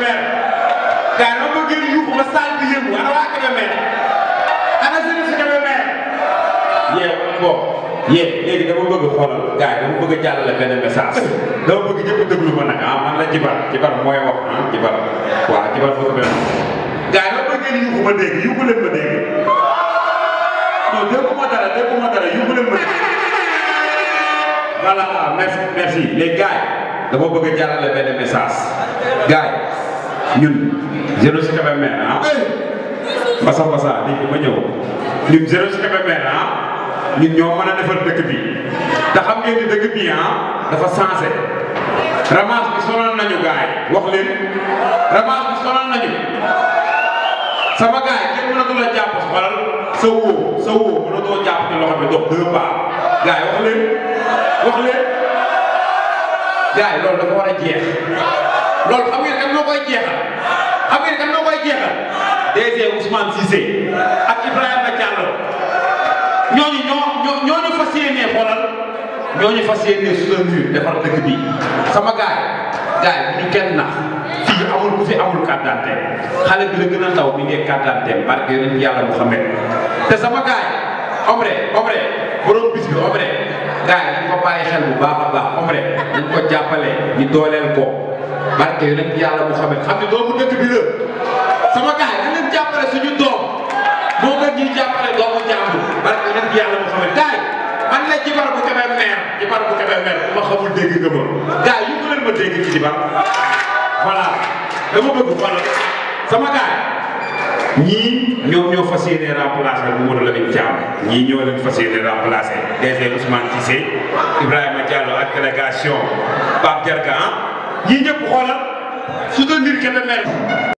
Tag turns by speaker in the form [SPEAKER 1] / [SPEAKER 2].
[SPEAKER 1] Kébémer gars yi ma bëgg yuuxu ba saal bi yëngu ana waa Kébémer ana sëriñ si Kébémer yee bon yee léegi dama bëgg xoolal gars yi dama bëgg a jàllale benn message dama bëgg ñëpp déglu ma nag ah man mooy wax ah jibar waaw jibar bëgg benn gars yi ma bëgg yuuxu ma ma dégg non ma dara déggu ma dara yuuxu leen ma dégg voilà merci merci les gars dama a ñun zéro si Kébémer ah basa basa nit ñi ma ñëw ñun zéro si Kébémer ah ñun ñoo mën a defar dëkk bi dax xam ngeen ni dëkk bi ah dafa changé ramage bi sonal nañu gaay wax leen ramage bi sonal nañu sama gaay kenn mënatu la jàpp xoolal sa woo sa woo mënatoo jàpp ci loxo bi dox deux gaay wax leen wax leen gaay loolu dafa war a loolu xam ngeen kan moo koy jeexal xam ngeen kan koy jeexal DG Ousmane Cissé ak Ibrahima Diallo ñooñu ñoo ñooñu fas sama gaay gaay bu kenn nax fii amul ku fi amul carte xale bi la gën a ndaw mi ngi carte d'identité barke yonent yàlla Muhammad te sama gaay omre omre borom bis bi omre gaay dañ ko bàyyi xel bu baax a baax omre dañ ko jàppale ñu dooleel ko barke yonent yàlla Muhammad xam ne doomu dëkk bi la sama gars yi na leen jàppale suñu doom moo gën ñuy jàppale doomu jàmbur barke yonent yàlla Muhammad gars yi man la jibar bu kebe meer jibar bu kebe meer ma xamul dégg nga ma gars yi yu leen ma dégg ci jibar voilà dama bëgg voilà sama gars ñii ñoom ñoo fas yéene remplacer bu Modou Lamine Thiam ñii ñoo leen fas yéene remplacer DG Ousmane Cissé Ibrahima Diallo ak délégation Pape Diarga yii ñëpp xoolal soutenir Kébémer